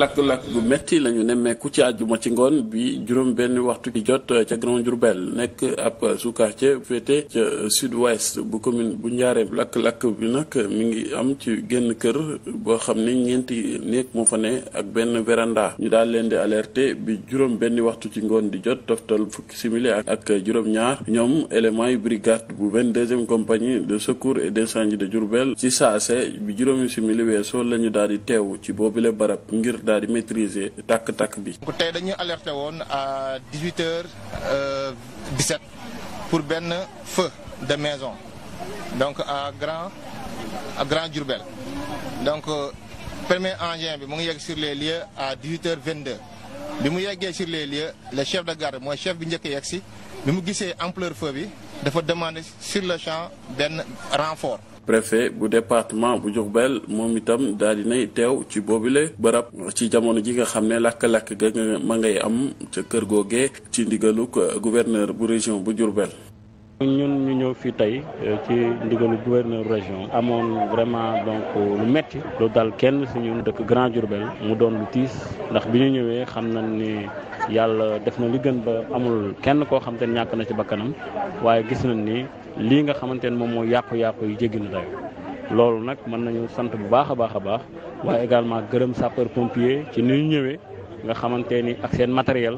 lakk-lakk bu métti la ñu nemmeeku ci àjjuma ci ngoon bi juróom benn waxtu ci jot ca Grand Diourbel nekk ab ci quartier féete ca sud-ouest bu commune bu Njaareem lakk-lakk bi nag mi ngi am ci genn kër boo xam ne ñeenti néeg moo fa ne ak benn véranda ñu daal leen di alerte bi juróom benn waxtu ci ngoon di jot toftal fukki simili ak juróom-ñaar ñoom éléments yu brigade bu 22e compagnie de secours et d'incendie de Diourbel ci saase bi juróomi simili weesoo la ñu daal di teew ci boobule barab ngir. daal di maîtriser tàkk-tàkk bi. tey dañuy alerté woon à 18h17 euh, pour benn feu de maison donc à Grand à Grand Diourbel donc euh, premier engin bi mu ngi yegg sur les lieux à 18h22 bi mu yeggee sur les lieux le chef de garde mooy chef bi njëkk yegg si bi mu gisee ampleur feu bi dafa demande sur le champ benn renfort. préfet bu département bu Diourbel moom itam daal di nay teew ci boobule bërëb ci jamono ji nga xam ne lakk-lakk ga ma ngay am ca kër googee ci ndigaluk gouverneur bu région bu jurbeel ñun ñu ñëw fii tey euh, ci ndigalu gouverneur région amoon vraiment donc lu metti lu dal kenn suñu dëkk Grand Diourbel mu doon lu tiis ndax bi ñu ñëwee xam nañ ni yàlla def na li gën ba amul kenn koo xam te ñàkk na ci bakkanam waaye gis nañ ni lii nga xamante ne moom mooy yàqu-yàqu yi jéggi na loolu nag mën nañu sant bu baax a baax a baax waaye également gërëm sapeur pompier ci ni ñu ñëwee nga xamante ni ak seen matériel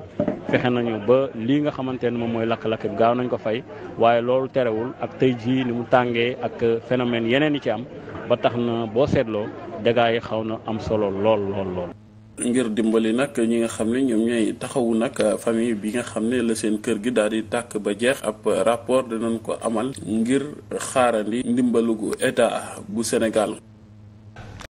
fexe nañu ba lii nga xamante ne moom mooy lakk-lakk bi gaaw nañ ko fay waaye loolu terewul ak tey jii ni mu tàngee ak phénomène yeneen yi ci am ba tax na boo seetloo dégâts yi xaw na am solo lool lool ngir dimbali nag ñi nga xam ne ñoom ñooy taxawu nag famille bi nga xam ne la seen kër gi daal di tàkk ba jeex ab rapport dinañ ko amal ngir xaarandi ndimbalu état bu Sénégal.